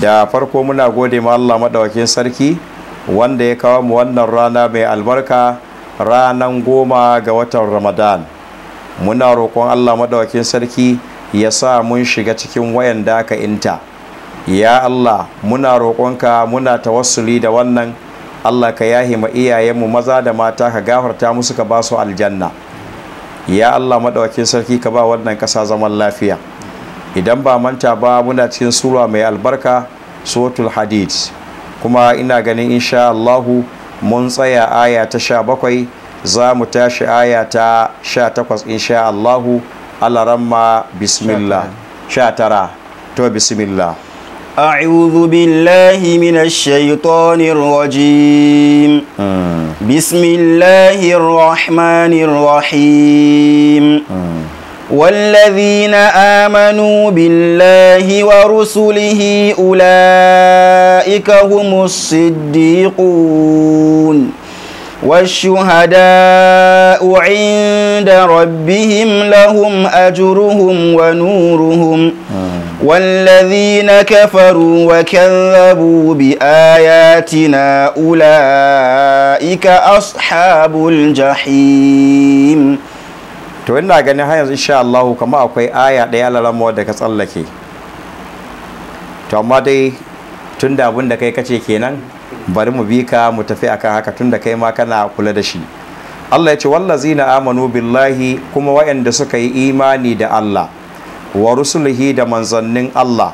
da farko muna gode ma Allah maɗaukin sarki wanda ya kawo mu wannan rana mai albarka ranan goma ga watan ramadan muna roƙon Allah maɗaukin sarki ya sa mun shiga cikin wayan da aka inta ya Allah muna roƙonka muna tawassuli da wannan Allah ka yahi ma iyayenmu maza da mata ka gafarta musu ka ba su aljanna ya Allah maɗaukin sarki ka ba wannan ƙasa zaman lafiya idan ba manta ba muna cikin sura mai albarka suratul hadid kuma ina ganin insha Allahu mun tsaya aya ta sha bakwai za mu tashi aya ta sha takwas insha Allahu alaramma bismillah sha tara to bismillah أعوذ بالله من الشيطان الرجيم بسم الله الرحمن الرحيم والذين آمنوا بالله ورسله أولئك هم الصديقون والشهداء عند ربهم لهم أجرهم ونورهم والذين كفروا وكذبوا بآياتنا أولئك أصحاب الجحيم to ina ganin har yanzu insha Allah kuma akwai aya ɗaya lalama da ka tsallake to amma dai tun da abin da kai kace kenan bari mu bi ka mu tafi akan haka tun da kai ma kana kula da shi Allah ya ce wallazina amanu billahi kuma wa'anda suka yi imani da Allah wa rusulihi da manzannin Allah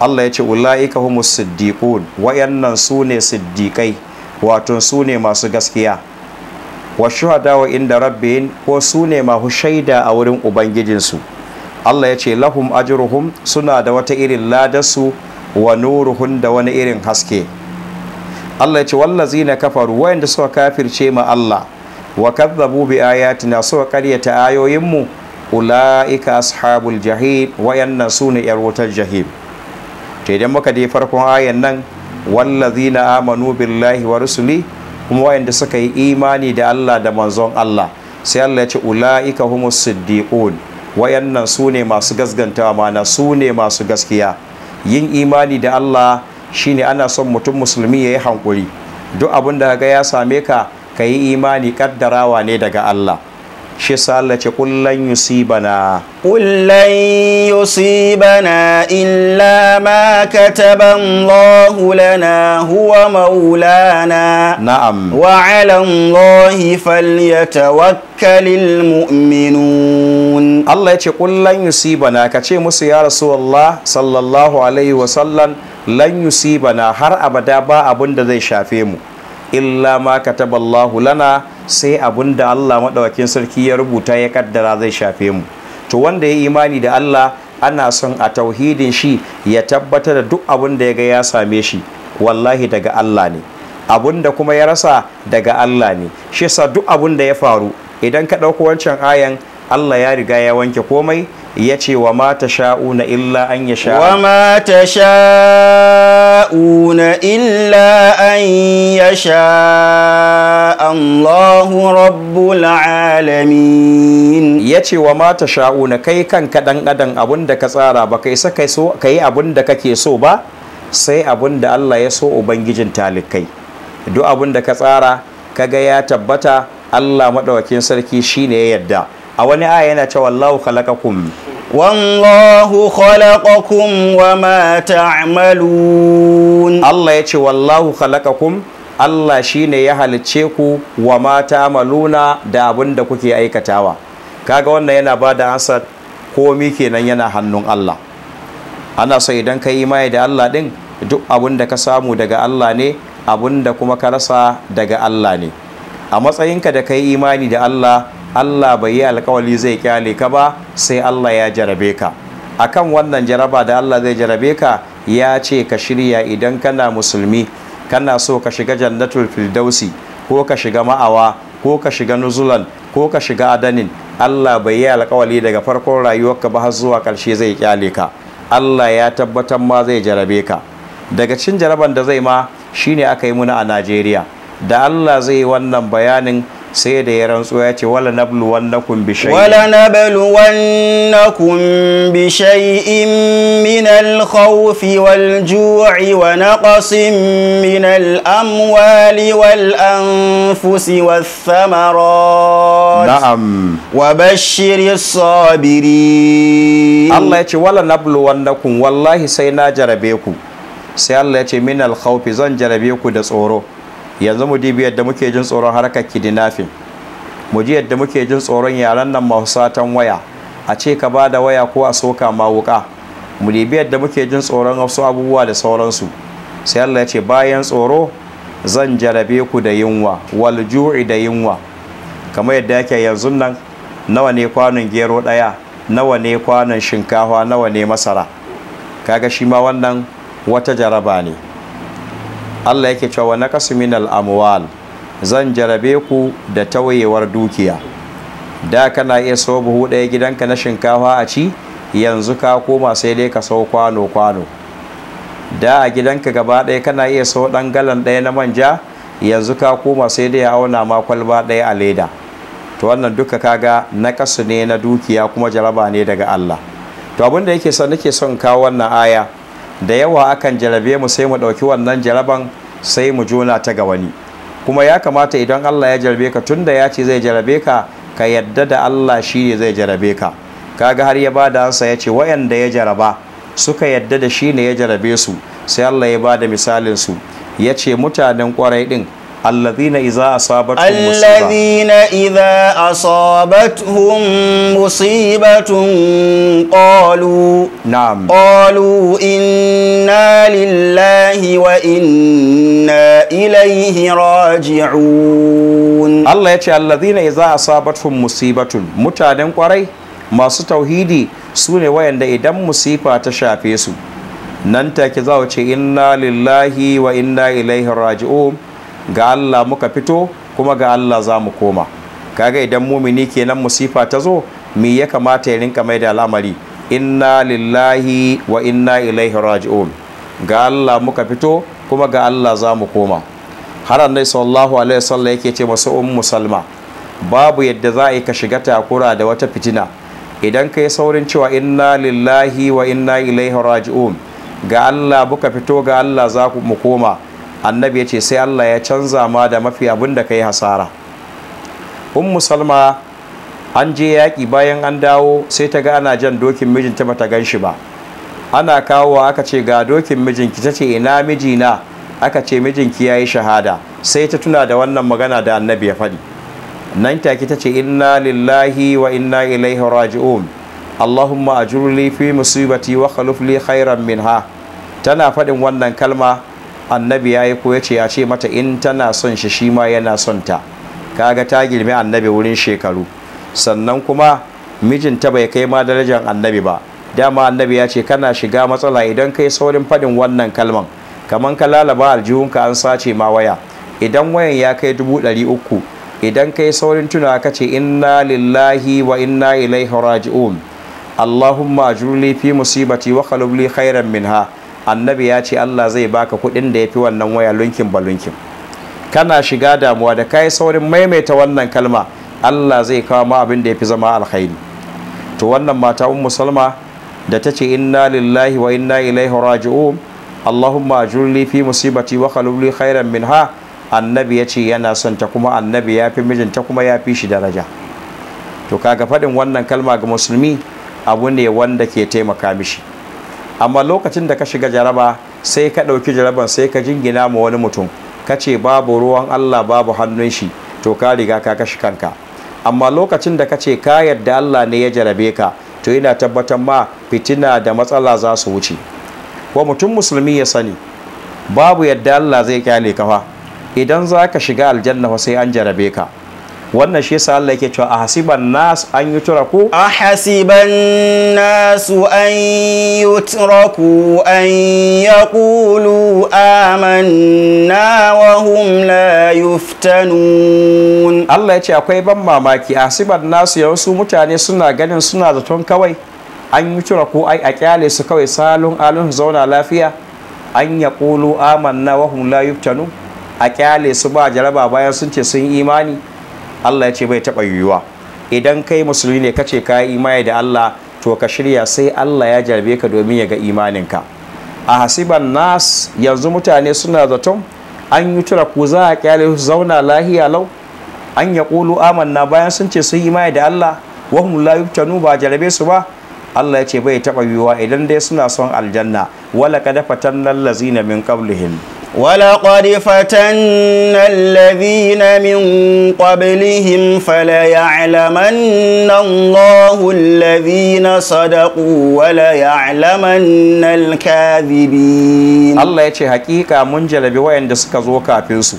Allah ya ce ula'ika humus siddiqun wayannan sune siddiqai wato sune masu gaskiya wa wa inda rabbihin ko su ne mahu shaida a wurin ubangijinsu Allah ya ce lahum ajruhum suna da wata irin ladarsu wa nuruhun da wani irin haske Allah ya ce na kafaru wayanda suka kafirce ma Allah wa kadzabu bi ayatina suka karyata ayoyinmu ula'ika ashabul jahim wayannan sune yar wutar jahim to idan muka je farkon ayan nan wallazi na amanu billahi wa rusuli kuma wayanda suka yi imani da Allah da manzon Allah sai Allah ya ce ula'ika humus siddiqun wayannan su ne masu gasgantawa mana su ne masu gaskiya yin imani da Allah shine ana son mutum musulmi ya yi hankuri duk abin da ga ya same ka ka yi imani kaddarawa ne daga Allah shi yasa Allah ce kullan yusibana kullan yusibana illa ma kataba Allah lana huwa maulana na'am wa 'ala Allah falyatawakkalul mu'minun Allah ya ce kullan yusibana ka ce musu ya rasulullah sallallahu alaihi wa sallam lan yusibana har abada ba abin da zai shafe mu illa ma ka taballahu lana sai abun da Allah maɗaukin sarki ya rubuta ya kaddara zai shafe mu to wanda ya imani da Allah ana son a tauhidin shi ya tabbata da duk abun da ya ga ya same shi wallahi daga Allah ne abun da kuma ya rasa daga Allah ne shi sa duk abun da ya faru idan ka ɗauko wancan ayan Allah ya riga ya wanke komai ya ce wa ma ta sha'una illa an ya sha'a wa ta sha'una illa أن يشاء الله رب العالمين يتي وما تشاءون كي كان كدن أدن أبن دك سارا بكي سكي سو كي أبن دك كي سو با sai abun da Allah ya so Ubangijin talikai duk abun da ka tsara kaga ya tabbata Allah maɗaukakin sarki shi ne ya yadda a wani aya yana cewa Allahu khalaqakum wallahu khalaqakum wa ma ta'malun Allah ya ce wallahu khalaqakum Allah shine ya halicce ku wa ma ta'maluna da abin da kuke aikatawa kaga wannan yana bada ansa komi kenan yana hannun Allah ana so idan ka yi imani da Allah ɗin, duk abin da ka samu daga Allah ne abin da kuma ka rasa daga Allah ne a matsayinka da ka yi imani da Allah Allah bai yi alkawali zai kyale ka ba sai Allah ya jarabe ka akan wannan jaraba da Allah zai jarabe ka ya ce ka shirya idan kana musulmi kana so ka shiga jannatul firdausi ko ka shiga ma'awa ko ka shiga nuzulan ko ka shiga adanin Allah bai yi alkawali daga farkon rayuwarka ba har zuwa ƙarshe zai kyale ka Allah ya tabbatar ma zai jarabe ka daga cin jaraban da zai ma shine aka yi muna a Najeriya da Allah zai yi wannan bayanin sai da ya rantsu ya ce wala nablu wannakum bi shay'in wala nablu wannakum bi shay'in min al-khawf wal ju'i wa naqsin min al-amwali wal anfusi was thamarat na'am wa bashshiris sabirin Allah ya ce wala nablu wannakum wallahi sai na jarabe ku sai Allah ya ce min al zan jarabe ku da tsoro yanzu mu dibi yadda muke jin tsoron harkar kidnapping mu ji yadda muke jin tsoron yaran nan masu satan waya a ce ka ba da waya ko a soka ma wuka mu dibi yadda muke jin tsoron wasu abubuwa da sauransu sai Allah ya ce bayan tsoro zan jarabe ku da yunwa wal ju'i da yunwa kamar yadda yake yanzu nan nawa ne kwanon gero daya nawa ne kwanon shinkafa nawa ne masara kaga shi ma wannan wata jaraba ne Allah yake cewa na kasumin al'amuwal zan jarabe ku da tawayewar dukiya da kana iya sau buhu ɗaya gidanka na shinkafa a ci yanzu ka koma sai dai ka sau kwano-kwano da a gidanka gaba ɗaya kana iya sau ɗan galan ɗaya na manja yanzu ka koma sai dai ya auna ma kwalba ɗaya a leda to wannan duka kaga nakasu ne na dukiya kuma jaraba ne daga Allah to abin da yake son nake son kawo wannan aya da yawa akan jarabe mu sai mu ɗauki wannan jaraban sai mu jona ta ga wani kuma ya kamata idan Allah ya jarabe ka tunda ya ce zai jarabe ka ka yadda da Allah shi ne zai jarabe ka kaga har ya bada ansa ya ce wayanda ya jaraba suka yadda da shi ne ya jarabe su sai Allah ya bada misalin su ya ce mutanen kwarai din الذين إذا أصابتهم مصيبة الذين إذا أصابتهم مصيبة قالوا نعم قالوا إنا لله وإنا إليه راجعون الله يتي الذين إذا أصابتهم مصيبة متعدم قري ما ستوهيدي سوني وين wayanda idan مصيبة تشافيسو ننتك su إنا لله وإنا إليه راجعون ga Allah muka fito kuma ga Allah za mu koma kaga idan mumini kenan musifa ta zo me ya kamata ya rinka mai da al'amari? inna lillahi wa inna ilaihi raji'un ga Allah muka fito kuma ga Allah za mu koma har annai sallallahu alaihi wasallam yake ce masu ummu salma babu yadda za a yi ka shiga takura da wata fitina idan ka yi saurin cewa inna lillahi wa inna ilaihi raji'un ga Allah muka fito ga Allah za mu koma annabi ya ce sai Allah ya canza ma da mafi abin da ka yi hasara Un Musalma an je yaƙi bayan an dawo sai ta ga ana jan dokin mijinta bata gan shi ba ana kawowa aka ce ga dokin mijinki ta ce ina mijina aka ce mijinki ya yi shahada sai ta tuna da wannan magana da annabi ya faɗi nan take ta ce inna lillahi wa inna ilaihi raji'un allahumma ajurli fi musibati wa khalif li khairan minha tana faɗin wannan kalma annabi ya yi ko ya ce ya ce mata in tana son shi shi ma yana son ta kaga ta girme annabi wurin shekaru sannan kuma mijinta bai kai ma darajar annabi ba dama annabi ya ce kana shiga matsala idan kai saurin fadin wannan kalman kaman ka lalaba aljihunka an sace ma waya idan wayan ya kai dubu ɗari uku idan kai saurin tuna ka ce inna lillahi wa inna ilaihi raji'un allahumma ajurli fi musibati wa khalubli khairan minha annabi ya ce Allah zai baka kuɗin da ya fi wannan waya lunkin ba lunkin kana shiga damuwa da kayi saurin maimaita wannan kalma Allah zai kawo ma abin da ya fi zama alkhairi to wannan mata ummu salma da ta ce inna lillahi wa inna ilaihi raji'un Allahumma ajurli fi musibati wa khalubli khairan minha annabi ya ce yana son ta kuma annabi ya fi mijinta kuma ya fi shi daraja to kaga faɗin wannan kalma ga musulmi abu ne wanda ke taimaka mishi amma lokacin da ka shiga jaraba sai ka ɗauki jaraban sai ka jingina ma wani mutum ka ce babu ruwan Allah babu hannun shi to ka riga ka kashi kanka amma lokacin da ka ce ka yadda Allah ne ya jarabe ka to yana tabbatar ma fitina da matsala za su wuce wa mutum musulmi ya sani babu yadda Allah zai kyale ka fa idan za ka shiga aljanna sai an jarabe ka wannan shi yasa Allah yake cewa ahasiban nas an yutraku ahasiban nas an yutraku an yaqulu amanna wa hum la yuftanun Allah yace akwai ban mamaki ahasiban nas yawansu mutane suna ganin suna zaton kawai an yutraku ai a kyale su kawai salon alun zauna lafiya an yaqulu amanna wa hum la yuftanun a kyale su ba jaraba bayan sun ce sun imani Allah ya ce bai taɓa yiwuwa idan kai musulmi ne kace ka yi imani da Allah to ka shirya sai Allah ya jarbe ka domin ya ga imaninka a hasiban nas yanzu mutane suna zaton an yi tura ku za a kyale su zauna lahiya lau an ya ƙulu amanna bayan sun ce sun yi imani da Allah wahum la yuftanu ba jarabe su ba Allah ya ce bai taɓa yiwuwa idan dai suna son aljanna wala kada fatan lallazina min qablihim ولقد فتن الذين من قبلهم فليعلمن الله الذين صدقوا وليعلمن الكاذبين الله يتي حقيقة من جلبي وين دس كزو فينسو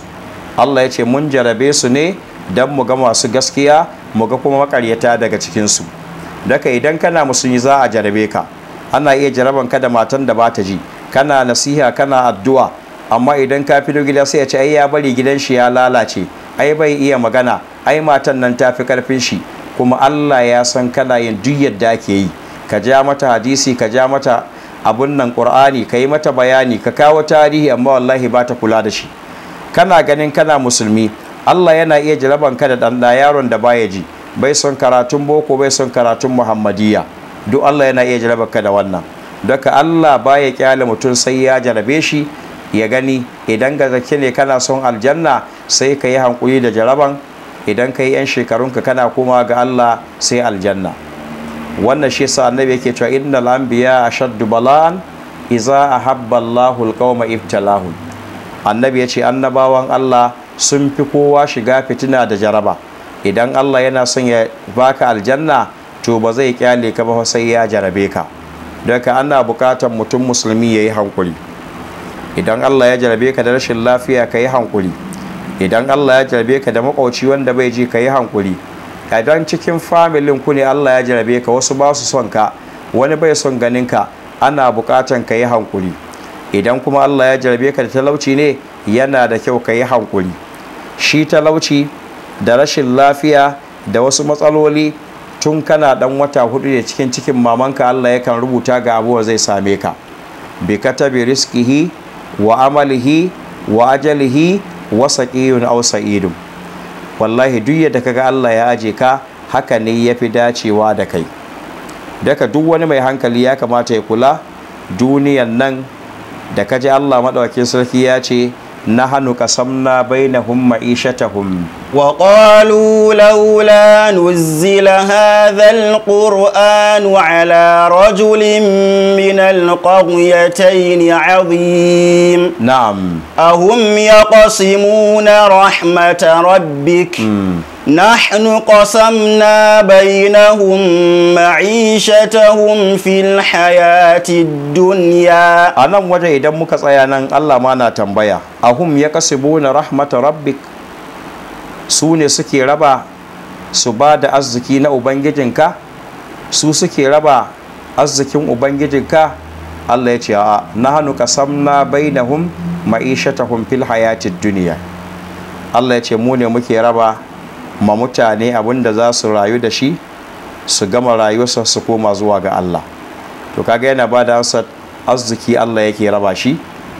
الله يتي من جلبي سني دم مغم واسو غسكيا مغم وقريتا دك تكينسو دك إدن كان مسنزا جلبيكا أنا إيه جربان كده ما تندباتجي كنا نسيها كنا addu'a amma idan ka fito gida sai ya ce ai ya bari gidan shi ya lalace ai bai iya magana ai matan nan ta fi karfin shi kuma Allah ya san kana yin duk yadda ake yi ka ja mata hadisi ka ja mata abun nan Qur'ani ka yi mata bayani ka kawo tarihi amma wallahi ba ta kula da shi kana ganin kana musulmi Allah yana iya jaraban ka da dan yaron da baya ji bai son karatun boko bai son karatun muhammadiya duk Allah yana iya jaraban ka da wannan daga Allah baya kyale mutum sai ya jarabe shi ya gani idan gaske ne kana son aljanna sai ka yi hankuri da jaraban idan ka yi 'yan shekarunka kana koma ga Allah sai aljanna wannan shi sa annabi yake cewa innal anbiya ashaddu balan iza ahabba Allahu alqawma ibtalahu annabi yace annabawan Allah sun fi kowa shiga fitina da jaraba idan Allah yana son ya baka aljanna to ba zai kyale ka ba sai ya jarabe ka don ka ana bukatar mutum musulmi ya yi hankuri idan Allah ya jarabe ka da rashin lafiya ka yi hankuri idan Allah ya jarabe ka da makwauci wanda bai ji ka yi hankuri idan cikin familin ku ne Allah ya jarabe ka wasu ba su son ka wani bai son ganin ka ana bukatan ka yi hankuri idan kuma Allah ya jarabe ka da talauci ne yana da kyau ka yi hankuri shi talauci da rashin lafiya da wasu matsaloli tun kana dan wata hudu ne cikin cikin mamanka Allah ya kan rubuta ga abuwa zai same ka bi katabi riskihi wa amalihi wa ajalihi wa saqiyun aw sa'idun wallahi duk yadda kaga Allah ya aje ka haka ne yafi dacewa da kai daga duk wani mai hankali ya kamata ya kula duniyan nan da kaji Allah madaukakin sarki ya ce نحن قسمنا بينهم معيشتهم وقالوا لولا نزل هذا القرآن على رجل من القريتين عظيم نعم أهم يقسمون رحمة ربك نحن قسمنا بينهم معيشتهم في الحياة الدنيا أنا وجه إذا مكس أيانا الله ما نتنبيا أهم يكسبون رحمة ربك سوني سكي ربا سباد أزكينا أبنجدنك su suke raba arzikin ubangijinka Allah ya ce a nahanu qasamna bainahum ma'ishatahum fil hayatid dunya Allah ya ce mu ne muke raba ma mutane abin da za su rayu da shi su gama rayuwarsa su koma zuwa ga Allah to kaga yana ba da ansar arziki Allah yake raba shi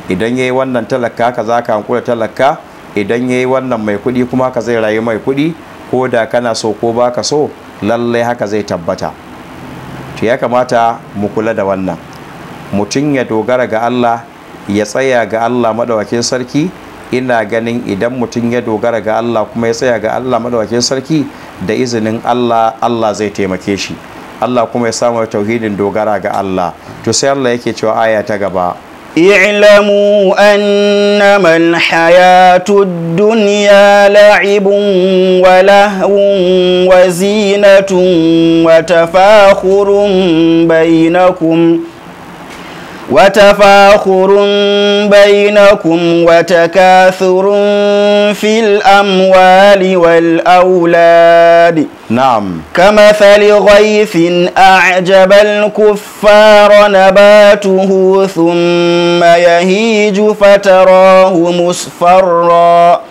idan yayi wannan talaka ka za ka hankula talaka idan yayi wannan mai kuɗi kuma ka zai rayu mai kuɗi ko da kana so ko ba ka so lallai haka zai tabbata to ya kamata mu kula da wannan mutum ya dogara ga Allah ya tsaya ga Allah madawakin sarki ina ganin idan mutum ya dogara ga Allah kuma ya tsaya ga Allah madawakin sarki da izinin Allah Allah zai taimake shi Allah kuma ya samu tauhidin dogara ga Allah to sai Allah yake cewa aya ta gaba اعلموا أنما الحياة الدنيا لعب ولهو وزينة وتفاخر بينكم وتفاخر بينكم وتكاثر في الأموال والأولاد نعم كمثل غيث أعجب الكفار نباته ثم يهيج فتراه مصفرا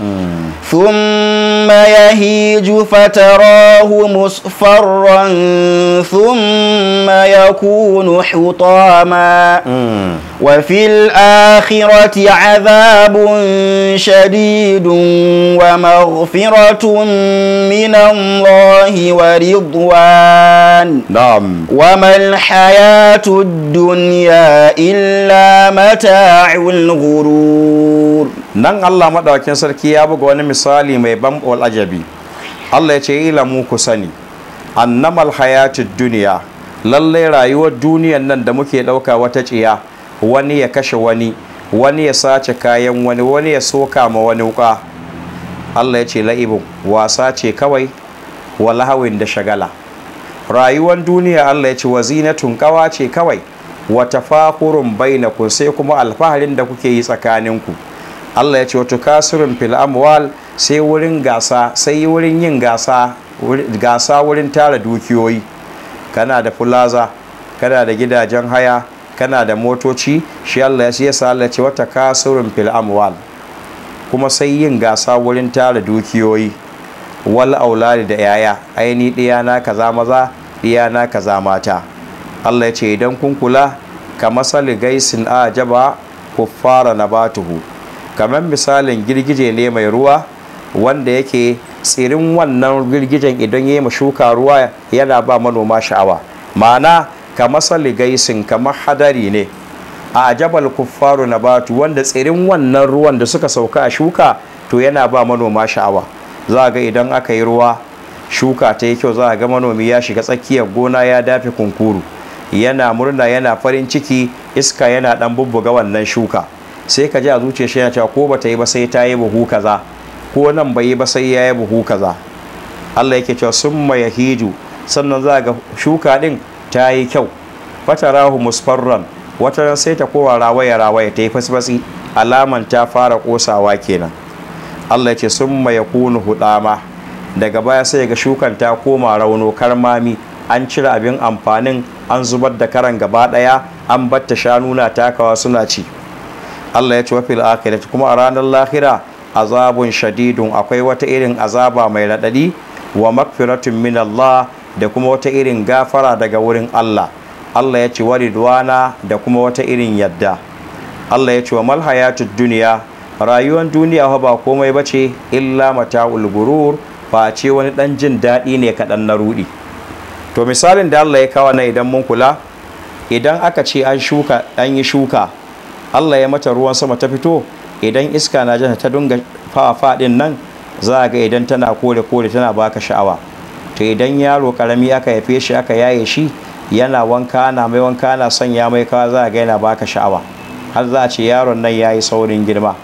ثم ثم يهيج فتراه مصفرا ثم يكون حطاما وفي الآخرة عذاب شديد ومغفرة من الله ورضوان نعم وما الحياة الدنيا إلا متاع الغرور nan Allah maɗaukin sarki ya buga wani misali mai ban ajabi Allah ya ce mu ku sani annamal hayatid duniya lallai rayuwar duniyan nan da muke ɗauka wata ciya wani ya kashe wani wani ya sace kayan wani wani ya soka ma wani wuka Allah ya ce la'ibin wasa ce kawai wa da shagala rayuwar duniya Allah ya ce wazinatun kawa ce kawai wa tafahurun bainakum sai kuma alfaharin da kuke yi tsakaninku ku Allah ya ce wato kasirin fil sai wurin gasa sai wurin yin gasa gasa wurin tara dukiyoyi kana da fulaza kana da gidajen haya kana da motoci shi Allah ya yasa Allah ce wata kasirin fil kuma sai yin gasa wurin tara dukiyoyi wal auladi da yaya aini diya na kaza maza diya na kaza mata Allah ya ce idan kun kula ka masali gaisin ajaba kuffara nabatuhu kamar misalin girgije ne mai ruwa wanda yake tsirin wannan girgijen idan ya yi shuka ruwa yana ba manoma sha'awa ma'ana masali gaisin kamar hadari ne a jabal kuffaru na batu wanda tsirin wannan ruwan da suka sauka a shuka to yana ba manoma sha'awa za ga idan aka yi ruwa shuka ta yi kyau za ga manomi ya shiga tsakiyar gona ya dafe kunkuru yana murna yana farin ciki iska yana dan bubbuga wannan shuka sai ka ji a zuciya shi cewa ko bata yi ba sai ta yi buhu kaza ko nan bai yi ba sai ya yi buhu kaza Allah yake cewa summa yahiju sannan za ga shuka din ta yi kyau fatarahu musfarran wata ran sai ta kowa rawaya rawaya ta yi fasfasi alaman ta fara kosawa kenan Allah ya ce summa yakunu hudama daga baya sai ga shukan ta koma rauno karmami an cire abin amfanin an zubar da karan gaba daya an batta shanu na takawa suna ci Allah ya ce wafil akhirati kuma a ranar lahira azabun shadidun akwai wata irin azaba mai raɗaɗi wa magfiratun min Allah da kuma wata irin gafara daga wurin Allah Allah ya ce wa ridwana da kuma wata irin yadda Allah ya ce wa mal hayatud duniya rayuwar duniya ba komai ba bace illa mata'ul gurur ba ce wani dan jin daɗi ne kaɗan na ruɗi to misalin da Allah ya kawo na idan mun kula idan aka ce an shuka an yi shuka Allah ya mata ruwan sama ta fito idan iska na janta ta dunga fafa din nan za ga idan tana kore kore tana baka sha'awa to idan yaro karami aka haife shi aka yaye shi yana wanka na mai wanka na sanya mai kawa za ga yana baka sha'awa har za a ce yaron nan yayi saurin girma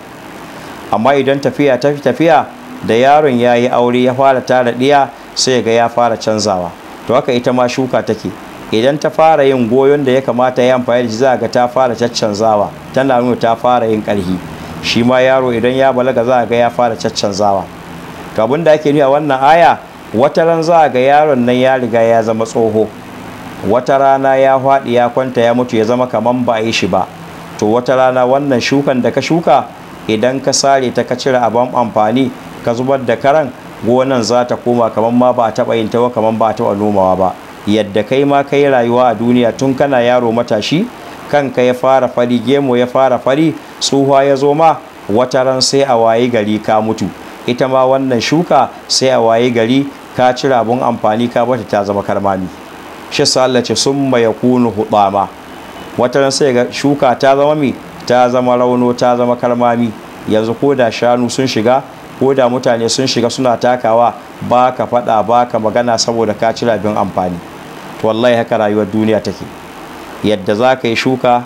amma idan tafiya ta tafiya da yaron yayi aure ya fara tara diya sai ga ya fara canzawa to haka ita ma shuka take idan ta fara yin goyon da ya kamata ya amfani da shi za ga ta fara caccanzawa tana nuna ta fara yin ƙarfi shi ma yaro idan ya balaga za ga ya fara caccanzawa to abin da ake nuna wannan aya wata ran za ga yaron nan ya riga ya zama tsoho wata rana ya faɗi ya kwanta ya mutu ya zama kamar ba a yi shi ba to wata rana wannan shukan da ka shuka idan ka sare ta ka cire abin amfani ka zubar da karan gonan za ta koma kamar ma ba a taɓa yin tawa kamar ba a taɓa nomawa ba yadda kai ma kai rayuwa a duniya tun kana yaro matashi kanka ya fara fari gemo ya fara fari tsuhuwa ya zo ma wata sai a waye gari ka mutu ita ma wannan shuka sai a waye gari ka cire abun amfani ka bata ta zama karmami shi Allah sun ya kunu hudama wata ran sai ga shuka ta zama mi ta zama rauno ta zama karmami yanzu ko da shanu sun shiga ko da mutane sun shiga suna takawa ba ka faɗa ba ka magana saboda ka ci rabin amfani to wallahi haka rayuwar duniya take yadda za ka yi shuka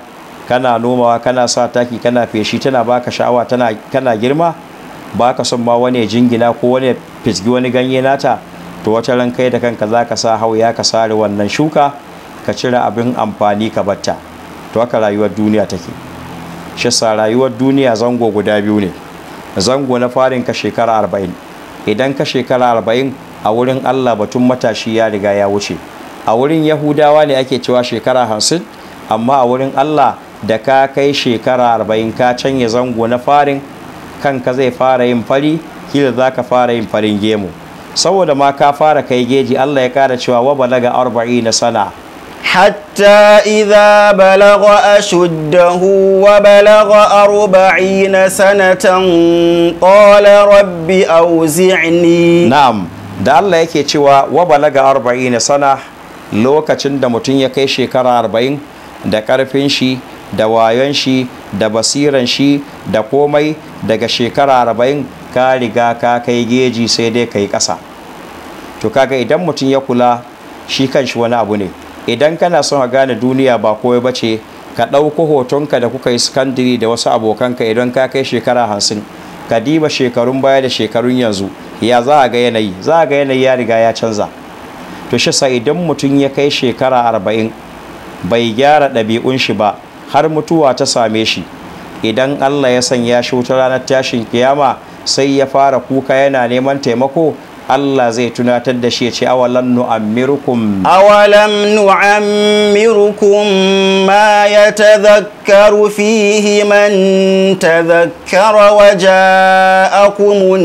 kana nomawa kana sa taki kana feshi tana ka sha'awa tana kana girma ba ka son ma wani ya jingina ko wani ya fisgi wani ganye nata to wata ran kai da kanka za ka sa hauya ka sare wannan shuka ka cire abin amfani ka batta to haka rayuwar duniya take shi sa rayuwar duniya zango guda biyu ne zango na farin ka shekara arba'in idan ka shekara arba'in a wurin allah batun matashi ya riga ya wuce a wurin yahudawa ne ake cewa shekara hamsin amma a wurin allah da ka kai shekara arba'in ka canya zango na farin kanka zai fara yin fari kila za ka fara yin farin gemu saboda ma ka fara kai geji allah ya kara cewa wa balaga arba'i na sana'a. حتى إذا بلغ أشده وبلغ أربعين سنة قال رب أوزعني نعم da Allah yake cewa wa balaga na sana lokacin da mutum ya kai shekara arba'in da ƙarfin shi da wayon shi da basiran shi da komai daga shekara arba'in ka riga ka kai geji sai dai ka yi ƙasa to kaga idan mutum ya kula shi kanshi wani abu ne idan kana son a gane duniya ba kowai ba ce ka ɗauko hotonka da kuka yi sikandiri da wasu abokanka idan ka kai shekara hamsin ka diba shekarun baya da shekarun yanzu ya za a ga yanayi za a ga yanayi ya riga ya canza to shi sa idan mutum ya kai shekara arba'in bai gyara ɗabi'un shi ba har mutuwa ta same shi idan allah ya sanya shi wuta ranar tashin kiyama sai ya fara kuka yana neman taimako Allah zai tunatar da shi ya ce awalam nu'ammirukum awalam nu'ammirukum ma yatadhakkaru fihi man tadhakkara wa ja'akumun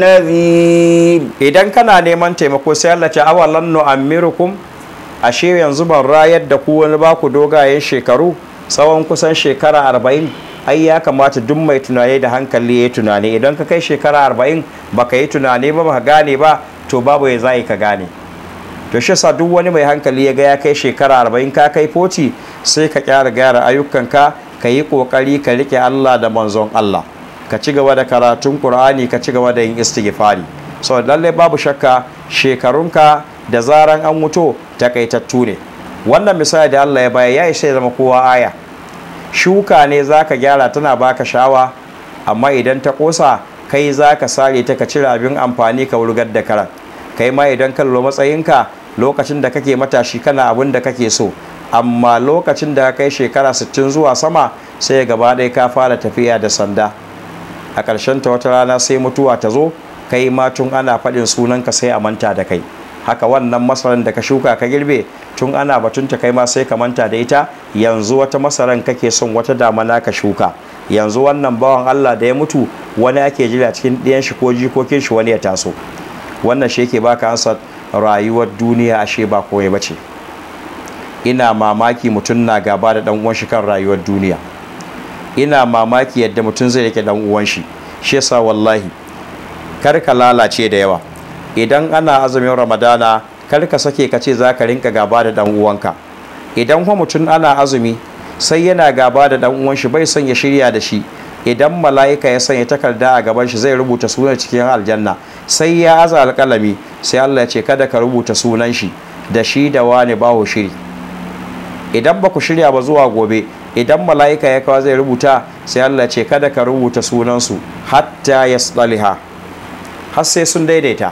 nadhir idan kana neman taimako sai Allah ce awalam nu'ammirukum ashe yanzu ban rayar da ku wani baku dogayen shekaru tsawon kusan shekara arba'in ai ya kamata duk mai tunani da hankali ya tunani idan ka kai shekara arba'in baka yi tunani ba baka gane ba to babu ya za ka gane to shi sa duk wani mai hankali ya ga ya kai shekara arba'in ka kai foti sai ka kyara gyara ayyukan ka ka yi kokari ka rike Allah da manzon Allah ka ci gaba da karatun Qur'ani ka ci gaba da yin istighfari so lalle babu shakka shekarunka da zaran an mutu takaitattu ne wannan misali da Allah ya baya ya isa ya zama kowa aya shuka ne za ka gyara tana baka shawa amma idan ta kosa kai za ka sare ta ka cire abin amfani ka wurgar da karan kai ma idan ka lura matsayinka lokacin da kake matashi kana abin da kake so amma lokacin da kai shekara 60 zuwa sama sai gaba ɗaya ka fara tafiya da sanda a ƙarshen ta wata rana sai mutuwa ta zo kai ma tun ana faɗin sunanka sai a manta da kai haka wannan masaran da ka shuka ka girbe tun ana batunta kai ma sai ka manta da ita yanzu wata masaran kake son wata damana ka shuka yanzu wannan bawan Allah da ya mutu wani ake jira cikin ɗiyan shi ko jikokin shi wani ya taso wannan shi yake baka ansa rayuwar duniya ashe ba koyi ce. ina mamaki mutum na gaba da dan uwan shi kan rayuwar duniya ina mamaki yadda mutum zai rike dan uwan shi shi yasa wallahi kar ka lalace da yawa idan ana azumin ramadana kar ka sake ka ce za ka rinka gaba da dan uwanka idan kuma mutum ana azumi sai yana gaba da dan uwan shi bai son ya shirya da shi idan mala'ika ya sanya takarda a gaban shi zai rubuta sunan cikin aljanna sai ya aza alƙalami sai Allah ya ce kada ka rubuta sunan shi da shi da wani bawo shiri idan ba ku shirya ba zuwa gobe idan mala'ika ya kawo zai rubuta sai Allah ce kada ka rubuta sunan su hatta ya har sai sun daidaita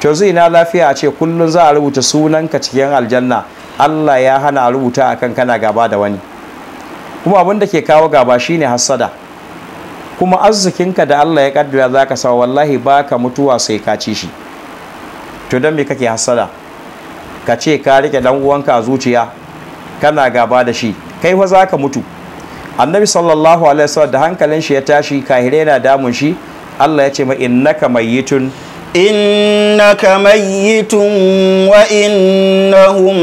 to zai na lafiya a ce kullum za a rubuta sunanka cikin aljanna Allah ya hana a rubuta akan kana gaba da wani kuma abin da ke kawo gaba shine hassada kuma arzikinka da Allah ya kaddara za ka wallahi ba ka mutuwa sai ka ci shi to don me kake hassada ka ce ka rike dan uwanka a zuciya kana gaba da shi kai fa za ka mutu annabi sallallahu alaihi wasallam da hankalin shi ya tashi kahire na damun shi Allah ya ce ma innaka mayyitun innaka mayyitun wa innahum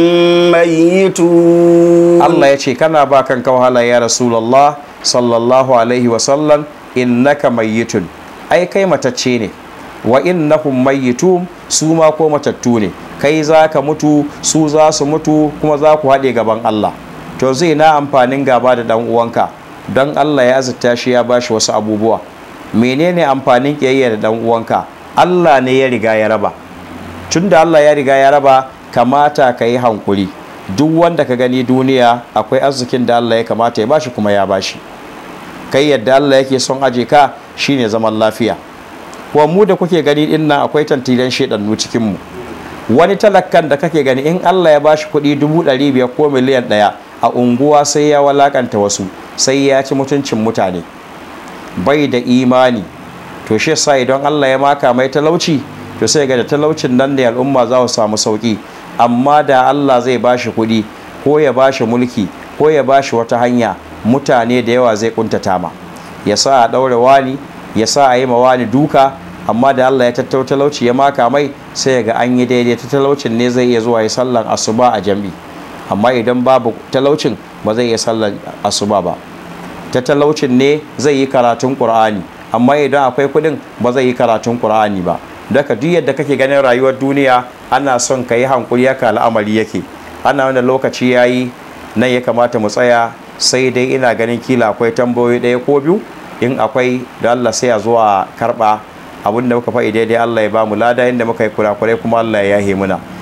mayyitun Allah ya ce kana ba kanka wahala ya rasulullah sallallahu alaihi wa sallam innaka mayyitun ai kai matacce ne wa innahum mayyitun su ma ko matattu ne kai za ka mutu su za su mutu kuma za ku haɗe gaban Allah to zai na amfanin gaba da ɗan uwanka don Allah ya azurta shi ya bashi wasu abubuwa menene amfanin ƙiyayya da ɗan uwanka Allah ne ya riga ya raba tun da Allah ya riga ya raba kamata ka yi hankuri duk wanda ka gani duniya akwai arzikin da Allah ya kamata ya bashi kuma ya bashi kai yadda Allah yake son aje ka shine zaman lafiya ko mu da kuke gani din akwai tantilan shedannu cikin mu wani talakkan da kake gani in Allah ya bashi kuɗi dubu ɗari biyar ko miliyan ɗaya a unguwa sai ya walakanta wasu sai ya ci mutuncin mutane bai da imani to shi yasa idan Allah ya maka mai talauci to sai ga da talaucin nan ne al'umma za su samu sauki amma da Allah zai bashi kuɗi ko ya bashi mulki ko ya bashi wata hanya mutane da yawa zai kuntata ma ya sa a ɗaure wani ya sa a yi ma wani duka amma da Allah ya tattau talauci ya maka mai sai ga an yi daidai ta talaucin ne zai iya zuwa ya sallan asuba a jam'i amma idan babu talaucin ba zai iya sallan asuba ba ta talaucin ne zai yi karatun ƙur'ani. amma idan akwai kuɗin ba zai yi karatun Qur'ani ba daga duk yadda kake ganin rayuwar duniya ana son ka yi hankuri haka al'amari yake ana wanda lokaci ya yi nan ya kamata mu tsaya sai dai ina ganin kila akwai tambayoyi ɗaya ko biyu in akwai da Allah sai a zuwa karɓa abinda muka faɗi daidai Allah ya ba mu lada inda muka yi kurakurai kuma Allah ya yahe muna